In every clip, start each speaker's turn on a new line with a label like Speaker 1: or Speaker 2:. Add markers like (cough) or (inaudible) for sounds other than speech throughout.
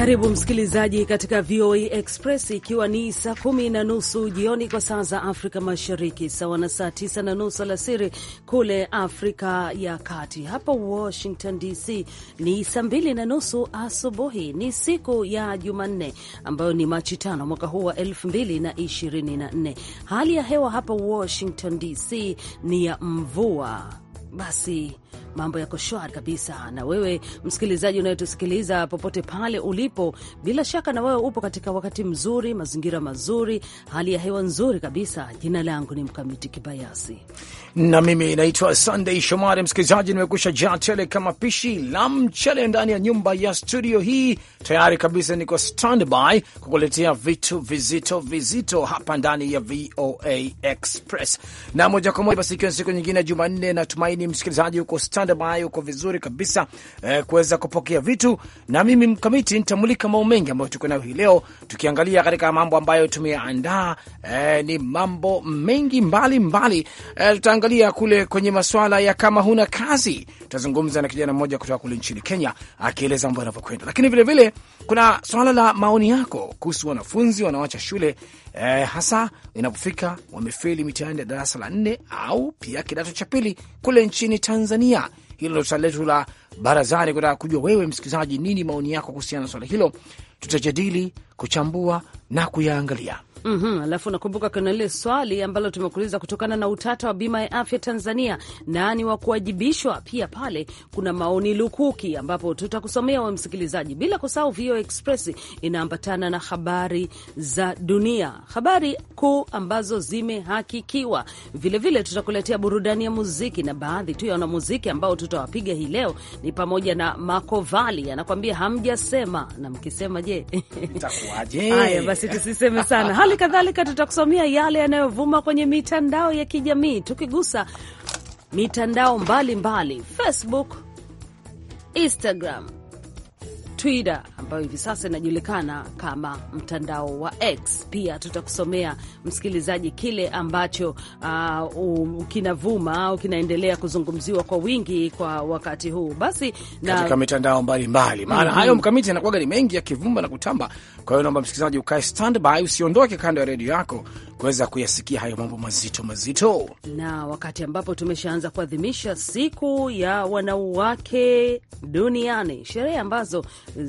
Speaker 1: Karibu msikilizaji katika VOA Express, ikiwa ni saa kumi na nusu jioni kwa saa za Afrika Mashariki, sawa na saa tisa na nusu alasiri kule Afrika ya Kati. Hapa Washington DC ni saa mbili na nusu asubuhi. Ni siku ya Jumanne ambayo ni Machi tano mwaka huu wa elfu mbili na ishirini na nne. Hali ya hewa hapa Washington DC ni ya mvua basi Mambo yako shwari kabisa. Na wewe msikilizaji unayetusikiliza popote pale ulipo, bila shaka na wewe upo katika wakati mzuri, mazingira mazuri, hali ya hewa nzuri kabisa. Jina langu ni Mkamiti Kibayasi
Speaker 2: na mimi naitwa Sunday Shomari. Msikilizaji, nimekusha jaa tele kama pishi la mchele ndani ya nyumba ya studio hii, tayari kabisa niko standby kukuletea vitu vizito vizito hapa ndani ya VOA Express na moja kwa moja. Basi ikiwa siku nyingine ya Jumanne, natumaini msikilizaji huko standby, uko vizuri kabisa eh, kuweza kupokea vitu. Na mimi mkamiti nitamulika mambo mengi ambayo tuko nayo hii leo, tukiangalia katika mambo ambayo tumeandaa. Eh, ni mambo mengi mbalimbali mbali. Eh, tutaangalia kule kwenye masuala ya kama huna kazi, tutazungumza na kijana mmoja kutoka kule nchini Kenya akieleza mambo yanavyokwenda, lakini vilevile vile, kuna swala la maoni yako kuhusu wanafunzi wanaoacha shule eh, hasa inapofika wamefeli mitihani ya darasa la nne au pia kidato cha pili kule nchini Tanzania. Hilo ndo swala letu la barazani, kutaka kujua wewe msikilizaji, nini maoni yako kuhusiana na swala hilo. Tutajadili, kuchambua na kuyaangalia.
Speaker 1: Mm -hmm. Alafu nakumbuka kuna lile swali ambalo tumekuuliza kutokana na utata wa bima ya afya Tanzania, nani wa kuwajibishwa? Pia pale kuna maoni lukuki ambapo tutakusomea we msikilizaji, bila kusahau VOA Express inaambatana na habari za dunia, habari kuu ambazo zimehakikiwa. Vilevile tutakuletea burudani ya muziki na baadhi tu ya wanamuziki ambao tutawapiga hii leo ni pamoja na Makovali anakuambia hamjasema, na mkisema je? (laughs) Itakuwaje? Haya basi tusiseme sana Hali kadhalika tutakusomea yale yanayovuma kwenye mitandao ya kijamii, tukigusa mitandao mbalimbali mbali: Facebook, Instagram, Twitter ambayo hivi sasa inajulikana kama mtandao wa X. Pia tutakusomea msikilizaji kile ambacho uh, kinavuma au kinaendelea kuzungumziwa kwa wingi kwa wakati huu, basi na... katika
Speaker 2: mitandao mbalimbali maana mm -hmm. hayo mkamiti anakuwaga ni mengi yakivumba na kutamba. Kwa hiyo naomba msikilizaji ukae standby, usiondoke kando ya redio yako kuweza kuyasikia hayo mambo mazito mazito, na
Speaker 1: wakati ambapo tumeshaanza kuadhimisha siku ya wanawake duniani, sherehe ambazo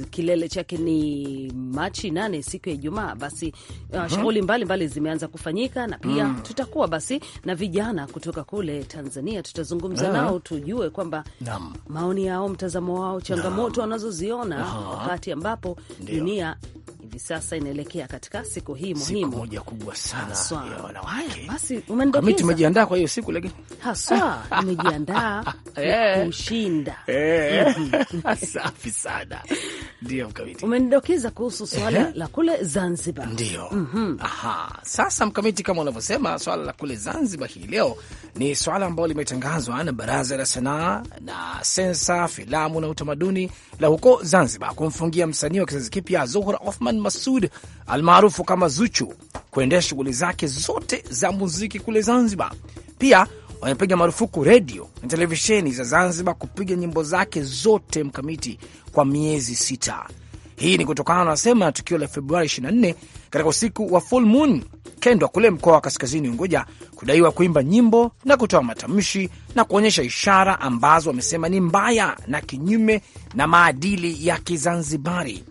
Speaker 1: kilele chake ni Machi nane, siku ya Ijumaa. Basi uh, mm -hmm. shughuli mbalimbali zimeanza kufanyika na pia mm. tutakuwa basi na vijana kutoka kule Tanzania, tutazungumza mm nao tujue kwamba maoni yao, mtazamo wao, changamoto wanazoziona wakati ambapo dunia hivi sasa inaelekea katika siku hii muhimu, siku moja kubwa sana ya wanawake. Basi
Speaker 2: mimi, imejiandaa kwa hiyo siku,
Speaker 1: lakini haswa (laughs) nimejiandaa (laughs) eh. kushinda. (laughs) Eh.
Speaker 2: Safi sana, ndio Mkamiti, umenidokeza kuhusu swala eh? la
Speaker 1: kule Zanzibar.
Speaker 2: Ndio mhm. Aha, sasa Mkamiti, kama unavyosema, swala la kule Zanzibar hii leo ni swala ambalo limetangazwa na Baraza la Sanaa na Sensa, Filamu na Utamaduni la huko Zanzibar kumfungia msanii wa kizazi kipya Zuhra Othman Othman Masud almaarufu kama Zuchu kuendesha shughuli zake zote za muziki kule Zanzibar. Pia wamepiga marufuku redio na televisheni za Zanzibar kupiga nyimbo zake zote mkamiti kwa miezi sita. Hii ni kutokana na sema na tukio la Februari 24 katika usiku wa full moon, Kendwa kule mkoa wa Kaskazini Unguja, kudaiwa kuimba nyimbo na kutoa matamshi na kuonyesha ishara ambazo wamesema ni mbaya na kinyume na maadili ya Kizanzibari.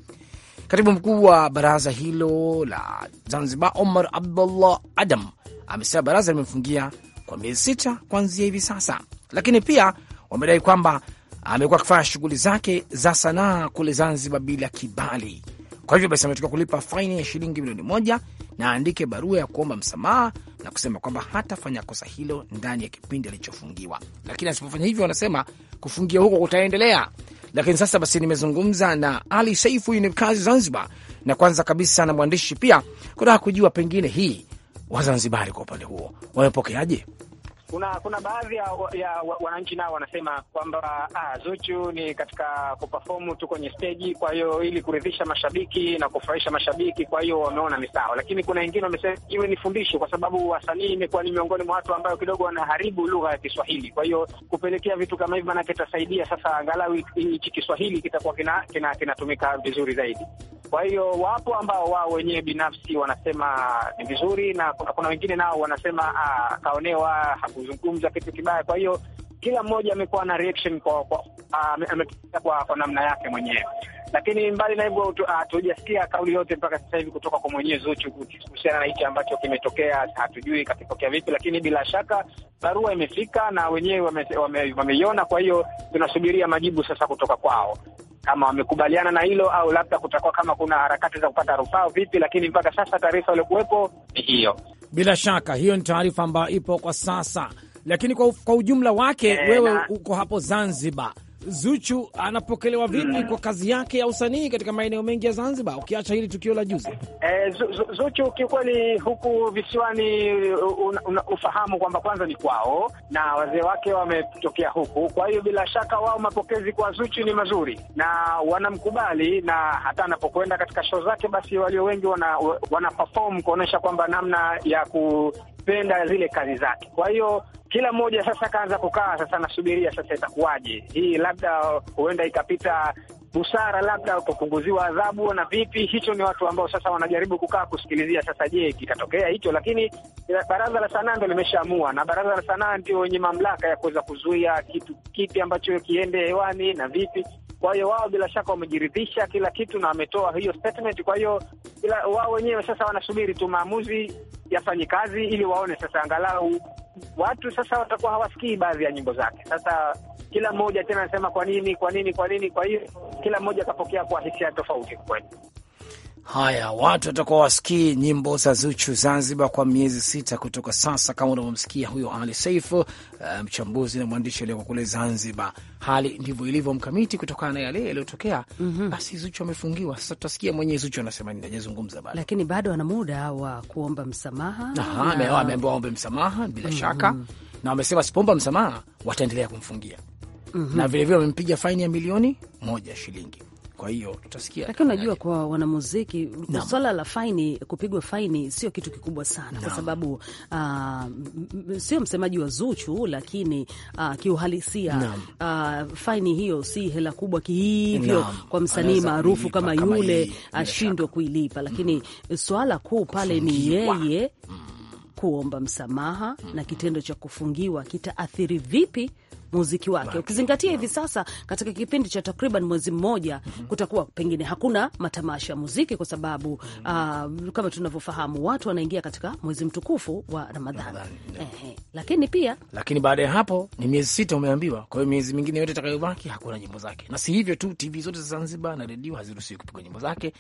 Speaker 2: Katibu mkuu wa baraza hilo la Zanzibar, Omar Abdullah Adam, amesema baraza limefungia kwa miezi sita kuanzia hivi sasa, lakini pia wamedai kwamba amekuwa akifanya shughuli zake za sanaa kule Zanzibar bila kibali. Kwa hivyo basi, ametoka kulipa faini ya shilingi milioni moja na aandike barua ya kuomba msamaha na kusema kwamba hatafanya kosa hilo ndani ya kipindi alichofungiwa, lakini asipofanya hivyo, wanasema kufungia huko kutaendelea. Lakini sasa basi, nimezungumza na Ali Saifu, ni mkazi Zanzibar, na kwanza kabisa na mwandishi pia, kutaka kujua pengine hii Wazanzibari kwa upande huo wamepokeaje? kuna kuna baadhi ya, ya wananchi nao
Speaker 3: wanasema kwamba ah, Zuchu ni katika kupafomu tu kwenye steji kwa hiyo ili kuridhisha mashabiki na kufurahisha mashabiki, kwa hiyo wameona ni sawa. Lakini kuna wengine wamesema iwe ni fundisho, kwa sababu wasanii imekuwa ni miongoni mwa watu ambayo kidogo wanaharibu lugha ya Kiswahili. Kwa hiyo kupelekea vitu kama hivi, maanake itasaidia sasa, angalau hichi Kiswahili kitakuwa kinatumika kina, kina vizuri zaidi. Kwa hiyo wapo ambao wao wenyewe binafsi wanasema ni vizuri, na kuna wengine nao wanasema ah, kaonewa haku kuzungumza kitu kibaya. Kwa hiyo kila mmoja amekuwa na reaction kwa kwa, uh, kwa kwa namna yake mwenyewe, lakini mbali na hivyo hatujasikia ah, uh, kauli yote mpaka sasa hivi kutoka kwa mwenyewe Zuchu kuhusiana na hichi ambacho kimetokea. Hatujui kakipokea vipi, lakini bila shaka barua imefika na wenyewe wameiona, wame, wame. Kwa hiyo tunasubiria majibu sasa kutoka kwao kama wamekubaliana na hilo au labda kutakuwa kama kuna harakati za kupata rufaa vipi, lakini mpaka sasa taarifa iliyokuwepo ni hiyo.
Speaker 2: Bila shaka hiyo ni taarifa ambayo ipo kwa sasa, lakini kwa, kwa ujumla wake e, wewe na, uko hapo Zanzibar Zuchu anapokelewa vipi kwa kazi yake ya usanii katika maeneo mengi ya Zanzibar, ukiacha hili tukio la juzi?
Speaker 3: E, Zuchu kiukweli, huku visiwani una, una, ufahamu kwamba kwanza ni kwao na wazee wake wametokea huku, kwa hiyo bila shaka wao mapokezi kwa Zuchu ni mazuri na wanamkubali, na hata anapokwenda katika show zake, basi walio wengi wana, wana perform kuonyesha kwamba namna ya ku kupenda zile kazi zake. Kwa hiyo kila mmoja sasa kaanza kukaa sasa, nasubiria sasa itakuwaje hii, labda huenda ikapita busara labda kupunguziwa adhabu na vipi. Hicho ni watu ambao sasa wanajaribu kukaa kusikilizia, sasa je, kitatokea hicho? Lakini eh, baraza la sanaa ndo limeshaamua, na baraza la sanaa ndio wenye mamlaka ya kuweza kuzuia kitu kipi ambacho kiende hewani na vipi. Kwa hiyo wao bila shaka wamejiridhisha kila kitu na ametoa hiyo statement. Kwa hiyo wao wenyewe sasa wanasubiri tu maamuzi yafanye kazi, ili waone sasa, angalau watu sasa watakuwa hawasikii baadhi ya nyimbo zake. Sasa kila mmoja tena anasema kwa nini, kwa nini, kwa nini. Kwa hiyo kila mmoja akapokea kwa hisia tofauti kweli.
Speaker 2: Haya, watu watakuwa wasikii nyimbo za Zuchu Zanzibar kwa miezi sita kutoka sasa, kama unavyomsikia huyo Ali Seifu, eh, mchambuzi um, na mwandishi aliyoko kule Zanzibar. Hali ndivyo ilivyo mkamiti, kutokana na yale yaliyotokea. mm -hmm. Basi Zuchu amefungiwa sasa, tutasikia mwenyewe Zuchu anasema nini, ajazungumza bado,
Speaker 1: lakini bado ana muda wa kuomba msamaha. Aha, na...
Speaker 2: waombe msamaha bila mm -hmm. shaka, na wamesema sipoomba msamaha wataendelea kumfungia
Speaker 1: mm -hmm. na vilevile
Speaker 2: wamempiga faini ya milioni moja shilingi kwa hiyo tutasikia, lakini
Speaker 1: unajua, kwa wanamuziki swala la faini, kupigwa faini sio kitu kikubwa sana Naam. kwa sababu uh, sio msemaji wa Zuchu, lakini uh, kiuhalisia uh, faini hiyo si hela kubwa kihivyo kwa msanii maarufu kama yule ashindwe kuilipa, lakini mm. swala kuu pale ni yeye mm. kuomba msamaha mm. na kitendo cha kufungiwa kitaathiri vipi muziki wake, ukizingatia hivi sasa katika kipindi cha takriban mwezi mmoja mm -hmm. kutakuwa pengine hakuna matamasha ya muziki kwa sababu mm -hmm. uh, kama tunavyofahamu watu wanaingia katika mwezi mtukufu wa Ramadhani eh, eh. Lakini pia
Speaker 2: lakini baada ya hapo ni miezi sita umeambiwa, kwa hiyo miezi mingine yote itakayobaki hakuna nyimbo zake, na si hivyo tu, TV zote za Zanzibar na redio haziruhusiwi kupiga nyimbo zake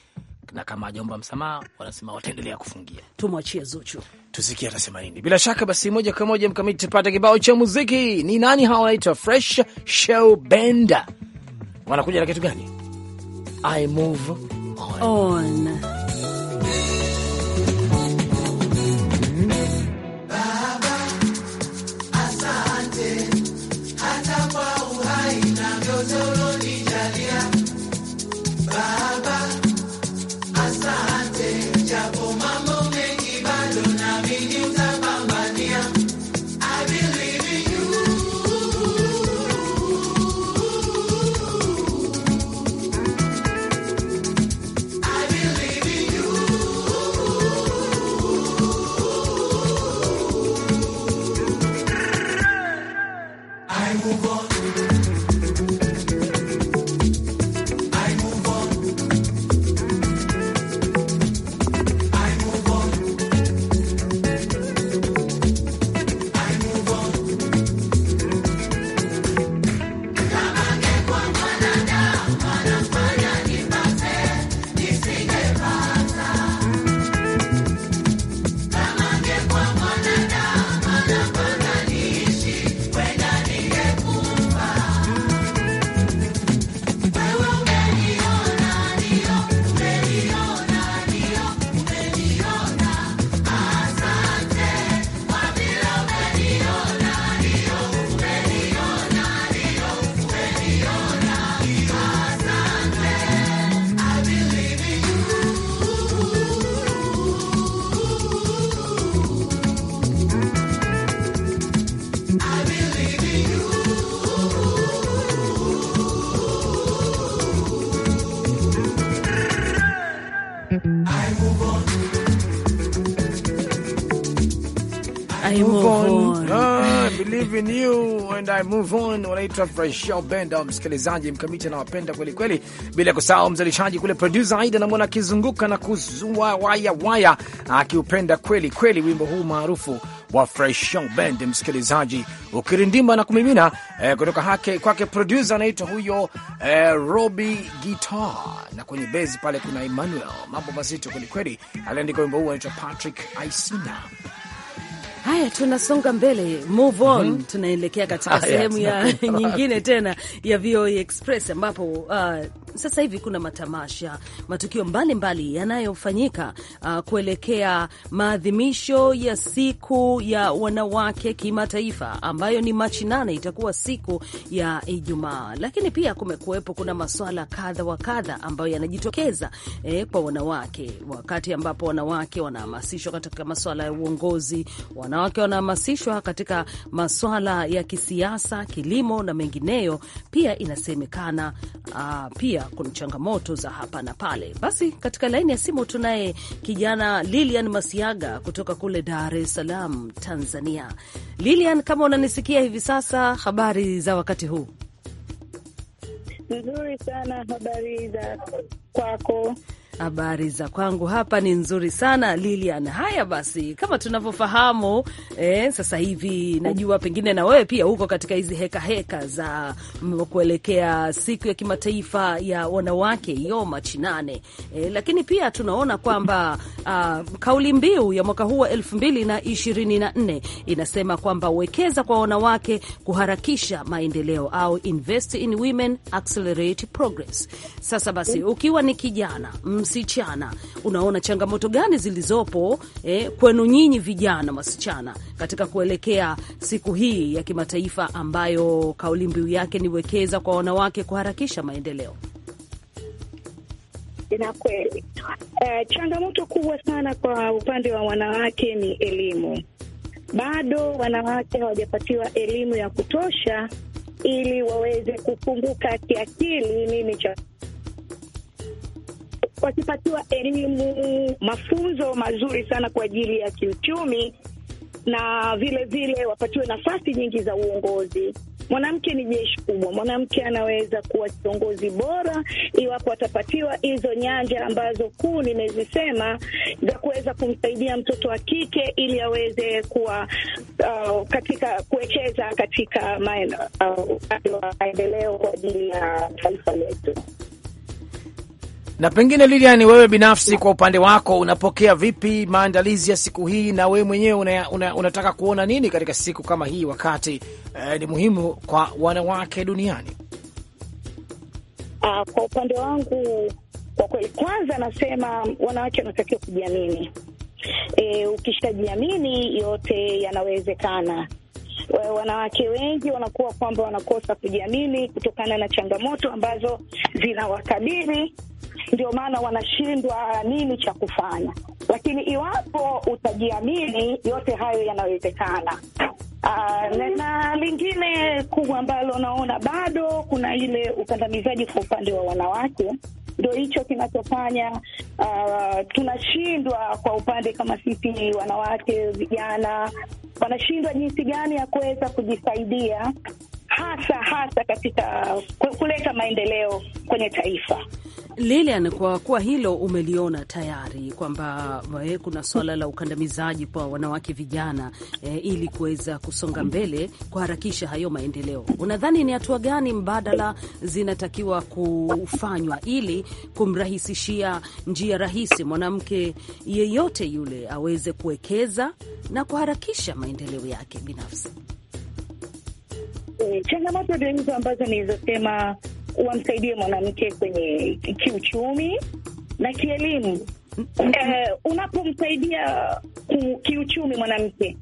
Speaker 2: na kama hajaomba msamaha, wanasema wataendelea kufungia. Tumwachie Zuchu tusikie atasema nini. Bila shaka basi, moja kwa moja mkamiti, tupate kibao cha muziki. Ni nani hawa? Wanaitwa Fresh Show Benda, wanakuja na kitu gani? I move on, on.
Speaker 4: Baba,
Speaker 5: I move on believe
Speaker 2: in you and I move on, wanaitwa Fresh Benda. Msikilizaji mkamiti anawapenda kweli kweli, bila kusahau mzalishaji kule producer Aida, namwona akizunguka na kuzua waya waya, akiupenda kweli kweli wimbo huu maarufu wa Freshel Band, msikilizaji ukirindima na kumimina eh, kutoka hake kwake producer anaitwa huyo eh, Robi Guitar, na kwenye bezi pale kuna Emmanuel. Mambo mazito kweli kweli, aliandika wimbo huu anaitwa Patrick Aisina.
Speaker 1: Haya, tunasonga mbele, move on mm -hmm. Tunaelekea katika sehemu ya (laughs) nyingine tena ya VOA e Express ambapo uh, sasa hivi kuna matamasha, matukio mbalimbali yanayofanyika uh, kuelekea maadhimisho ya siku ya wanawake kimataifa ambayo ni Machi nane itakuwa siku ya Ijumaa, lakini pia kumekuwepo kuna maswala kadha wa kadha ambayo yanajitokeza eh, kwa wanawake, wakati ambapo wanawake wanahamasishwa katika maswala ya uongozi, wanawake wanahamasishwa katika maswala ya kisiasa, kilimo na mengineyo. Pia inasemekana uh, pia pia kuna changamoto za hapa na pale. Basi katika laini ya simu tunaye kijana Lilian Masiaga kutoka kule Dar es Salaam, Tanzania. Lilian, kama unanisikia hivi sasa, habari za wakati huu?
Speaker 6: Nzuri sana, habari za kwako?
Speaker 1: Habari za kwangu hapa ni nzuri sana Lilian. Haya basi, kama tunavyofahamu eh, sasa hivi najua pengine na wewe pia huko katika hizi hekaheka za kuelekea siku ya kimataifa ya wanawake hiyo Machi nane eh, lakini pia tunaona kwamba uh, kauli mbiu ya mwaka huu wa elfu mbili na ishirini na nne inasema kwamba wekeza kwa wanawake kuharakisha maendeleo au invest in women accelerate progress. Sasa basi ukiwa ni kijana wasichana, unaona changamoto gani zilizopo eh, kwenu nyinyi vijana wasichana katika kuelekea siku hii ya kimataifa ambayo kauli mbiu yake ni wekeza kwa wanawake kuharakisha maendeleo?
Speaker 6: Na kweli uh, changamoto kubwa sana kwa upande wa wanawake ni elimu. Bado wanawake hawajapatiwa elimu ya kutosha ili waweze kufunguka kiakili, nini cha wakipatiwa elimu, mafunzo mazuri sana kwa ajili ya kiuchumi na vile vile wapatiwe nafasi nyingi za uongozi. Mwanamke ni jeshi kubwa. Mwanamke anaweza kuwa kiongozi bora iwapo atapatiwa hizo nyanja ambazo kuu nimezisema za kuweza kumsaidia mtoto wa kike ili aweze kuwa uh, katika kuwekeza katika uh, maendeleo uh, kwa ajili ya taifa letu.
Speaker 2: Na pengine Lilian, wewe binafsi kwa upande wako unapokea vipi maandalizi ya siku hii, na wewe mwenyewe una, una, unataka kuona nini katika siku kama hii, wakati eh, ni muhimu kwa wanawake duniani?
Speaker 6: Aa, ah, kwa upande wangu kwa kweli, kwanza nasema wanawake wanatakiwa kujiamini. E, ukishajiamini yote yanawezekana. Wanawake wengi wanakuwa kwamba wanakosa kujiamini kutokana na changamoto ambazo zinawakabili ndio maana wanashindwa nini cha kufanya. Lakini iwapo utajiamini, yote hayo yanawezekana. Uh, na lingine kubwa ambalo naona bado kuna ile ukandamizaji kwa upande wa wanawake, ndio hicho kinachofanya uh, tunashindwa kwa upande kama sisi wanawake vijana, wanashindwa jinsi gani ya kuweza kujisaidia hasa hasa katika kuleta maendeleo kwenye taifa.
Speaker 1: Lilian, kwa kuwa hilo umeliona tayari kwamba eh, kuna swala la ukandamizaji kwa wanawake vijana e, ili kuweza kusonga mbele kuharakisha hayo maendeleo, unadhani ni hatua gani mbadala zinatakiwa kufanywa ili kumrahisishia njia rahisi mwanamke yeyote yule aweze kuwekeza na kuharakisha maendeleo yake binafsi?
Speaker 6: E, changamoto ndizo ambazo nilizosema wamsaidie mwanamke kwenye kiuchumi na kielimu. Eh, unapomsaidia kiuchumi mwanamke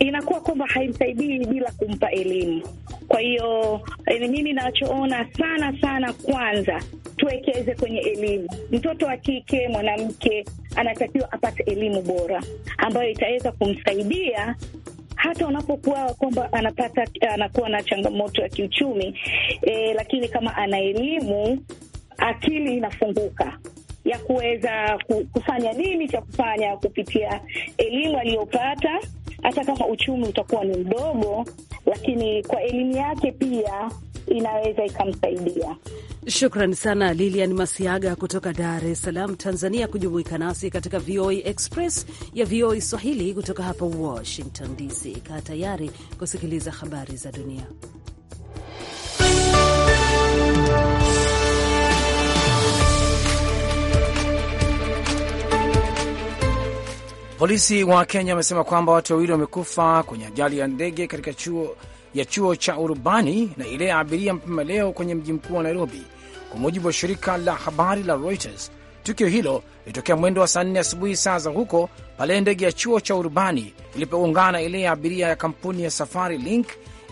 Speaker 6: inakuwa kwamba haimsaidii bila kumpa elimu. Kwa hiyo eh, mimi nachoona sana sana, kwanza tuwekeze kwenye elimu. Mtoto wa kike, mwanamke anatakiwa apate elimu bora ambayo itaweza kumsaidia hata unapokuwa kwamba anapata anakuwa na changamoto ya kiuchumi e, lakini kama ana elimu, akili inafunguka ya kuweza kufanya nini cha kufanya kupitia elimu aliyopata. Hata kama uchumi utakuwa ni mdogo, lakini kwa elimu yake pia inaweza ikamsaidia.
Speaker 1: Shukran sana Lilian Masiaga kutoka Dar es Salaam, Tanzania, kujumuika nasi katika VOA e Express ya VOA e Swahili kutoka hapa Washington DC. Kaa tayari kusikiliza habari za dunia.
Speaker 2: Polisi wa Kenya wamesema kwamba watu wawili wamekufa kwenye ajali ya ndege katika chuo ya chuo cha urubani na ile ya abiria mapema leo kwenye mji mkuu wa Nairobi, kwa mujibu wa shirika la habari la Reuters. Tukio hilo lilitokea mwendo wa saa nne asubuhi saa za huko, pale ndege ya chuo cha urubani ilipogongana ile ya abiria ya kampuni ya Safari Link.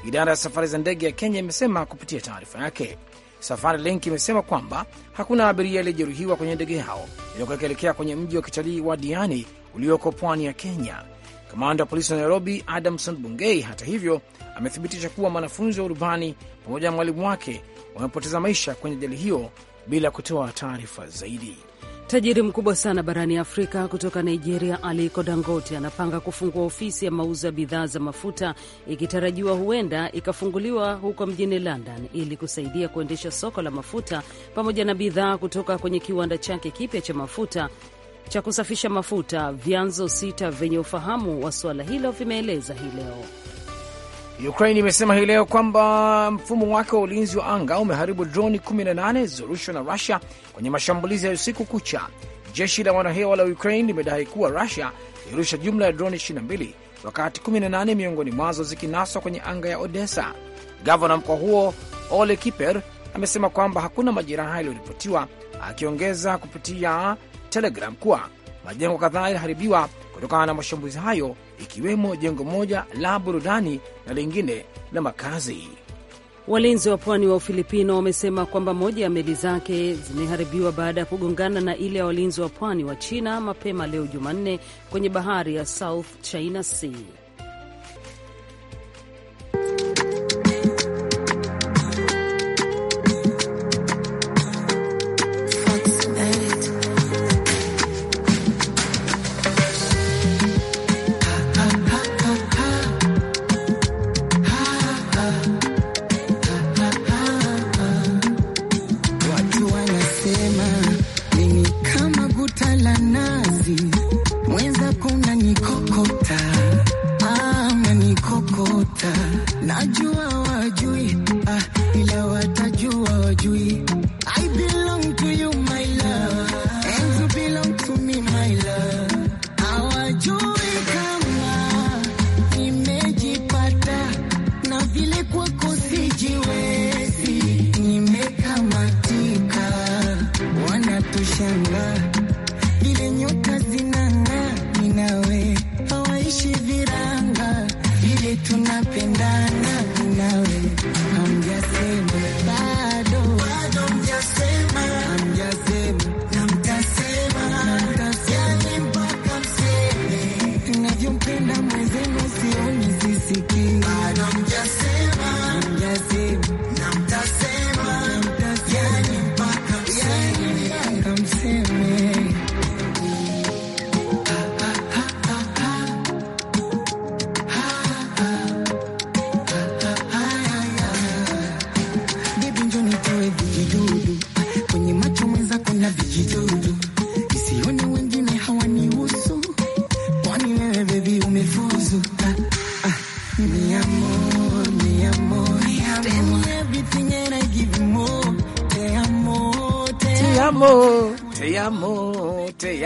Speaker 2: Idara ya safari za ndege ya Kenya imesema kupitia taarifa yake. Safari Link imesema kwamba hakuna abiria aliyejeruhiwa kwenye ndege hao iliyokuelekea kwenye mji wa kitalii wa Diani ulioko pwani ya Kenya. Kamanda wa polisi wa Nairobi Adamson Bungei, hata hivyo, amethibitisha kuwa mwanafunzi wa urubani pamoja na mwalimu wake wamepoteza maisha kwenye ajali hiyo bila kutoa taarifa zaidi.
Speaker 1: Tajiri mkubwa sana barani Afrika kutoka Nigeria, Aliko Dangote anapanga kufungua ofisi ya mauzo ya bidhaa za mafuta ikitarajiwa huenda ikafunguliwa huko mjini London ili kusaidia kuendesha soko la mafuta pamoja na bidhaa kutoka kwenye kiwanda chake kipya cha mafuta cha kusafisha mafuta, vyanzo sita vyenye ufahamu wa suala hilo vimeeleza hii leo.
Speaker 2: Ukraine imesema hii leo kwamba mfumo wake wa ulinzi wa anga umeharibu droni 18 zilizorushwa na Rusia kwenye mashambulizi ya usiku kucha. Jeshi la wanahewa la Ukraine limedai kuwa Rusia ilirusha jumla ya droni 22 wakati 18 miongoni mwazo zikinaswa kwenye anga ya Odessa. Gavana mkoa huo Ole Kiper amesema kwamba hakuna majeraha yaliyoripotiwa, akiongeza kupitia Telegram kuwa majengo kadhaa yaliharibiwa kutokana na mashambulizi hayo, ikiwemo jengo moja la burudani na lingine la makazi. Walinzi wa pwani wa Ufilipino wamesema kwamba moja ya meli
Speaker 1: zake zimeharibiwa baada ya kugongana na ile ya walinzi wa pwani wa China mapema leo Jumanne kwenye bahari ya South China Sea.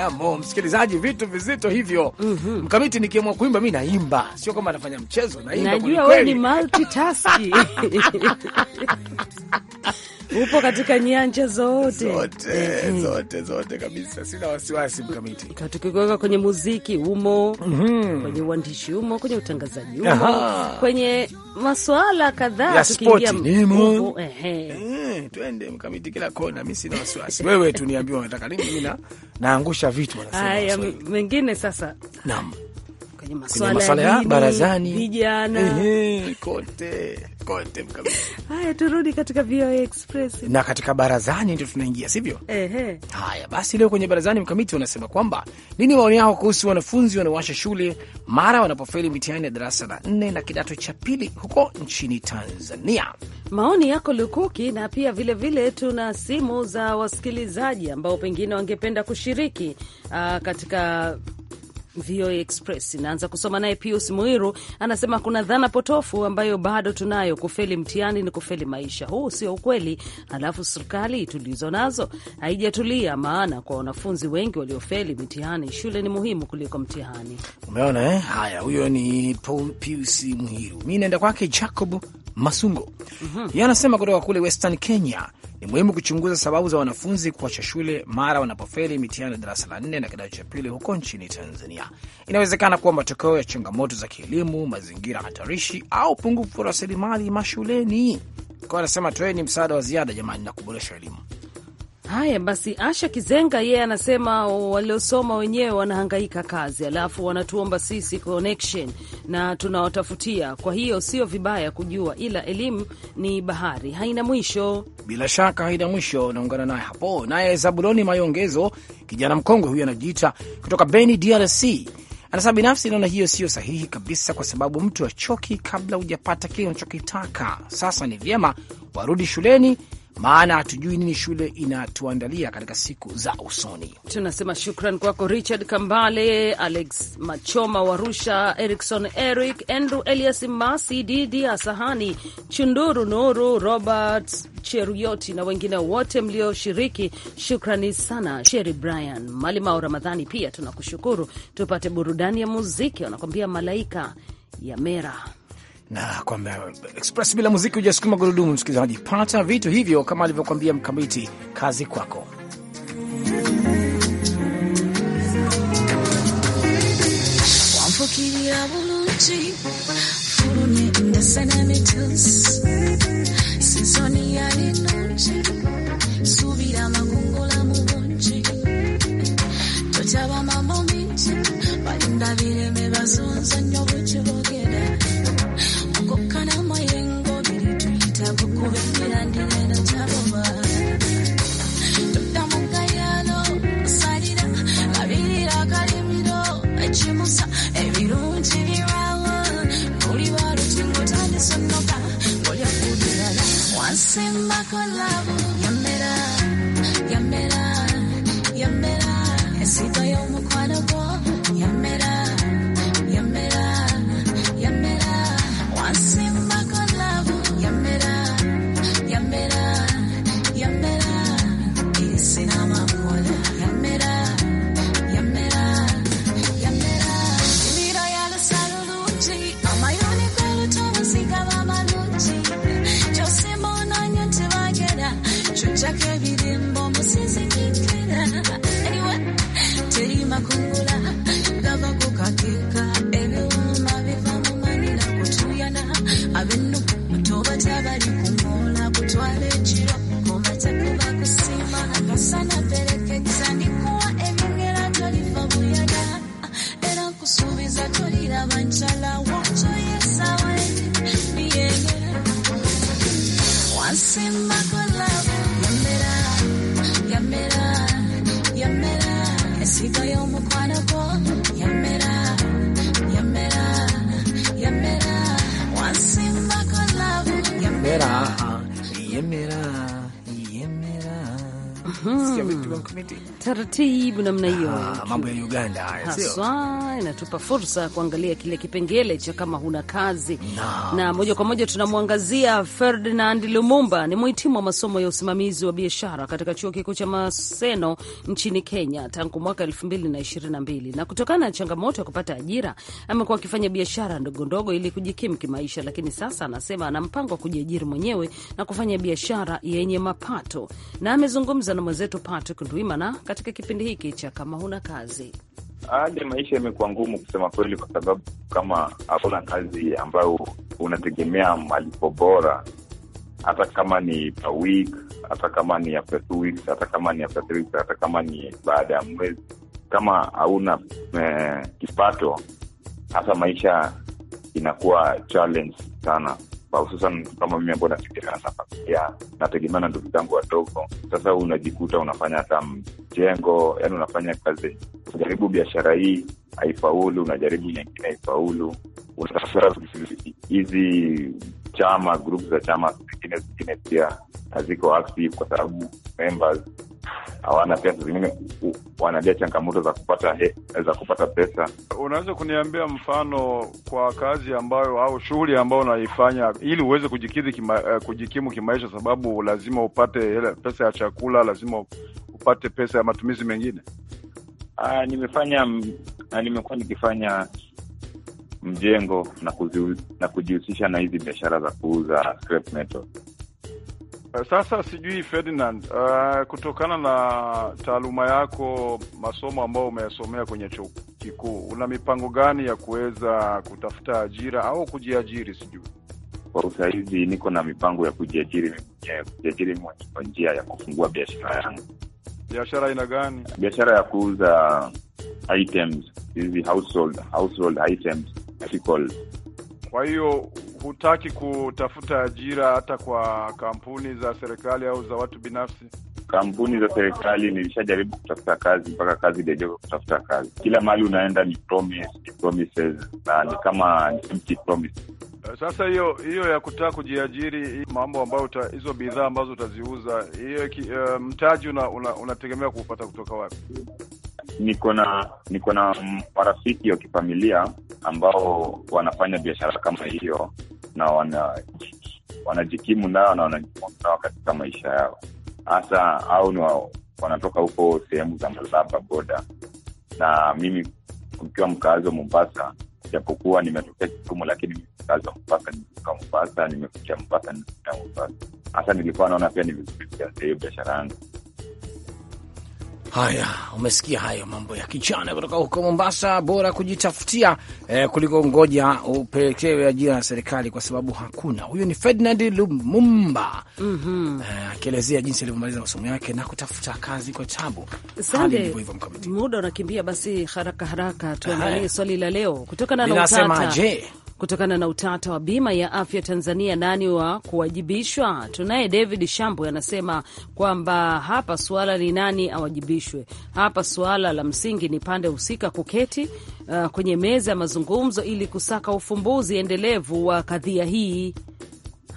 Speaker 2: yamo, msikilizaji, vitu vizito hivyo mm -hmm. Mkamiti nikiamua kuimba mi naimba, sio kama anafanya mchezo, naimba najua wewe ni (laughs) upo katika nyanja
Speaker 1: zote zote mhm.
Speaker 2: zote zote kabisa, sina wasiwasi mkamiti. Tukiweka kwenye
Speaker 1: muziki umo, mm -hmm. kwenye uandishi umo, kwenye utangazaji umo, kwenye masuala kadhaa tukiingia nimo,
Speaker 2: ehe, eh, twende mkamiti kila kona. Mi sina wasiwasi, wewe tu niambiwa unataka nini, mi naangusha vitu. Haya
Speaker 1: mengine sasa, naam, kwenye masuala ya barazani, vijana
Speaker 2: kote (laughs)
Speaker 1: Haya, turudi katika VOA Express
Speaker 2: na katika barazani ndio tunaingia, sivyo? Ehe. Haya basi, leo kwenye barazani mkamiti wanasema kwamba nini maoni yao kuhusu wanafunzi wanaowasha shule mara wanapofeli mitihani ya darasa la nne na kidato cha pili huko nchini Tanzania.
Speaker 1: Maoni yako lukuki, na pia vilevile vile tuna simu za wasikilizaji ambao pengine wangependa kushiriki uh, katika VOA Express inaanza kusoma naye. Pius Muiru anasema kuna dhana potofu ambayo bado tunayo, kufeli mtihani ni kufeli maisha. Huu sio ukweli. alafu serikali tulizo nazo haijatulia, maana kwa wanafunzi wengi waliofeli mitihani, shule ni muhimu kuliko mtihani.
Speaker 2: Umeona eh? Haya, huyo ni Paul Pius Muiru. Mi naenda kwake Jacob Masungo. mm -hmm. Anasema kutoka kule Western Kenya, ni muhimu kuchunguza sababu za wanafunzi kuacha shule mara wanapofeli mitihani ya darasa la nne na kidato cha pili huko nchini Tanzania. Inawezekana kuwa matokeo ya changamoto za kielimu, mazingira hatarishi, au upungufu wa rasilimali mashuleni. Kwa anasema toeni msaada wa ziada jamani, na kuboresha elimu.
Speaker 1: Haya basi, Asha Kizenga yeye anasema waliosoma wenyewe wanahangaika kazi, alafu wanatuomba sisi connection na tunawatafutia. Kwa hiyo sio vibaya kujua, ila elimu ni bahari, haina mwisho.
Speaker 2: Bila shaka haina mwisho, naungana naye hapo. Naye Zabuloni Mayongezo, kijana mkongwe huyu, anajiita kutoka Beni, DRC, anasema binafsi naona hiyo sio sahihi kabisa, kwa sababu mtu achoki kabla hujapata kile unachokitaka. Sasa ni vyema warudi shuleni maana hatujui nini shule inatuandalia katika siku za usoni.
Speaker 1: Tunasema shukran kwako Richard Kambale, Alex Machoma, Warusha Erikson, Eric Andrew, Elias Masi, Didia Sahani, Chunduru Nuru, Robert Cheruyoti na wengine wote mlioshiriki. Shukrani sana Sheri Brian Malimao Ramadhani, pia tunakushukuru. Tupate burudani ya muziki, wanakuambia Malaika ya Mera
Speaker 2: na kwamba Express bila muziki hujasukuma gurudumu. Msikilizaji, pata vitu hivyo kama alivyokwambia Mkamiti, kazi kwako.
Speaker 1: namna hiyo. Ah,
Speaker 2: mambo ya Uganda haya
Speaker 1: haswa inatupa fursa ya kuangalia kile kipengele cha kama huna kazi na, Na moja kwa moja tunamwangazia Ferdinand Lumumba, ni mhitimu wa masomo ya usimamizi wa biashara katika chuo kikuu cha Maseno nchini Kenya tangu mwaka 2022 na kutokana na changamoto ya kupata ajira amekuwa akifanya biashara ndogondogo ili kujikimu kimaisha, lakini sasa anasema ana mpango wa kujiajiri mwenyewe na kufanya biashara yenye mapato, na amezungumza na mwenzetu Patrick Ndwimana katika kipindi hiki kujificha kama huna kazi?
Speaker 7: Hali ya maisha imekuwa ngumu kusema kweli, kwa sababu kama hakuna kazi ambayo unategemea malipo bora, hata kama ni per week, hata kama ni after two weeks, hata kama ni after three weeks, hata kama ni baada ya mwezi, kama hauna eh, kipato, hasa maisha inakuwa challenge sana hususan kama mimi ambao nafikiria na familia, nategemea na ndugu zangu wadogo. Sasa unajikuta unafanya hata mjengo, yani unafanya kazi, unajaribu biashara hii haifaulu, unajaribu nyingine haifaulu, unatafuta hizi chama, grupu za chama zingine zingine pia haziko active kwa sababu members hawana pesa, zingine wanalia changamoto za kupata he, za kupata pesa.
Speaker 8: Unaweza kuniambia mfano kwa kazi ambayo au shughuli ambayo unaifanya ili uweze kujikidhi kima, uh, kujikimu kimaisha, sababu lazima upate hele, pesa ya chakula, lazima upate pesa ya matumizi mengine? Aa, ah, nimefanya ah,
Speaker 7: nimekuwa nikifanya mjengo na, na kujihusisha na hizi biashara za kuuza scrap metal
Speaker 8: Eh, sasa sijui Ferdinand, uh, kutokana na taaluma yako, masomo ambayo umeyasomea kwenye chuo kikuu, una mipango gani ya kuweza kutafuta ajira au kujiajiri? Sijui
Speaker 7: kwa usahizi, niko na mipango ya kujiajiri, eh, kujiajiri kwa njia ya kufungua biashara yangu.
Speaker 8: Biashara aina gani?
Speaker 7: Biashara ya kuuza items hizi household household items articles.
Speaker 8: Kwa hiyo hutaki kutafuta ajira hata kwa kampuni za serikali au za watu binafsi?
Speaker 7: Kampuni za serikali nilishajaribu kutafuta kazi mpaka kazi iliyojoka kutafuta kazi. Kila mahali unaenda ni promise, ni promises na ni kama ni empty promise.
Speaker 8: Sasa hiyo hiyo ya kutaka kujiajiri, mambo ambayo hizo bidhaa ambazo utaziuza, hiyo uh, mtaji unategemea una, una kuupata kutoka wapi?
Speaker 7: Niko na niko na marafiki wa kifamilia ambao wanafanya biashara kama hiyo, na wanajikimu wana nao na nao katika maisha yao hasa, au ni wanatoka huko sehemu za Malaba boda. Na mimi kukiwa mkaazi wa Mombasa, japokuwa nimetokea Kisumu, lakini mkaazi wa Mombasa, nimetoka Mombasa, nimekuja Mombasa, nimekuja Mombasa hasa, nilikuwa naona pia ni vizuri pia sehemu biashara yangu
Speaker 2: Haya, umesikia hayo mambo ya kijana kutoka huko Mombasa. Bora kujitafutia eh, kuliko ngoja upelekewe ajira ya serikali, kwa sababu hakuna. Huyu ni Ferdinand Lumumba mhm. eh, akielezea mm -hmm. eh, jinsi alivyomaliza masomo yake na kutafuta kazi kwa tabu.
Speaker 1: Muda unakimbia, basi haraka haraka tuangalie swali la leo kutokana na utata. Je, kutokana na utata wa bima ya afya Tanzania, nani wa kuwajibishwa? Tunaye David Shambo, anasema kwamba hapa suala ni nani awajibishwe. Hapa suala la msingi ni pande husika kuketi uh, kwenye meza ya mazungumzo ili kusaka ufumbuzi endelevu wa kadhia hii.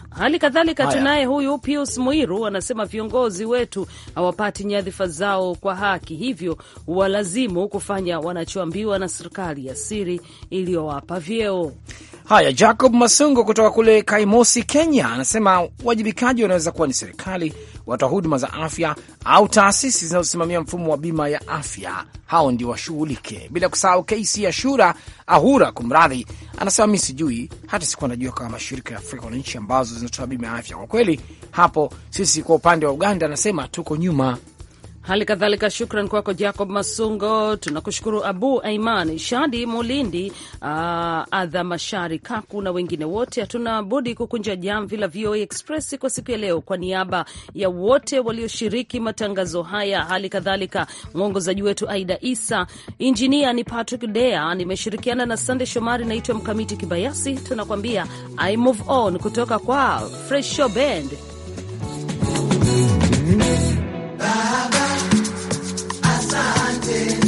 Speaker 1: Hali kadhalika tunaye huyu Pius Mwiru anasema viongozi wetu hawapati nyadhifa zao kwa haki, hivyo walazimu kufanya wanachoambiwa na serikali ya siri iliyowapa vyeo.
Speaker 2: Haya, Jacob Masungo kutoka kule Kaimosi, Kenya, anasema uwajibikaji wanaweza kuwa ni serikali, watoa huduma za afya au taasisi zinazosimamia mfumo wa bima ya afya. Hao ndio washughulike, bila kusahau KC Ashura Ahura, kumradhi, anasema mi sijui, hata sikuwa najua kama mashirika ya Afrika wana nchi ambazo zinatoa bima ya afya. Kwa kweli hapo sisi kwa upande wa Uganda, anasema tuko nyuma.
Speaker 1: Hali kadhalika shukran kwako Jacob Masungo, tunakushukuru Abu Aiman Shadi Mulindi, uh, Adha Mashari Kaku na wengine wote. Hatuna budi kukunja jamvi la VOA Express kwa siku ya leo. Kwa niaba ya wote walioshiriki matangazo haya, hali kadhalika mwongozaji wetu Aida Isa, injinia ni Patrick Dea, nimeshirikiana na Sande Shomari, naitwa Mkamiti Kibayasi. Tunakwambia I move on kutoka kwa Fresho Band.
Speaker 4: you.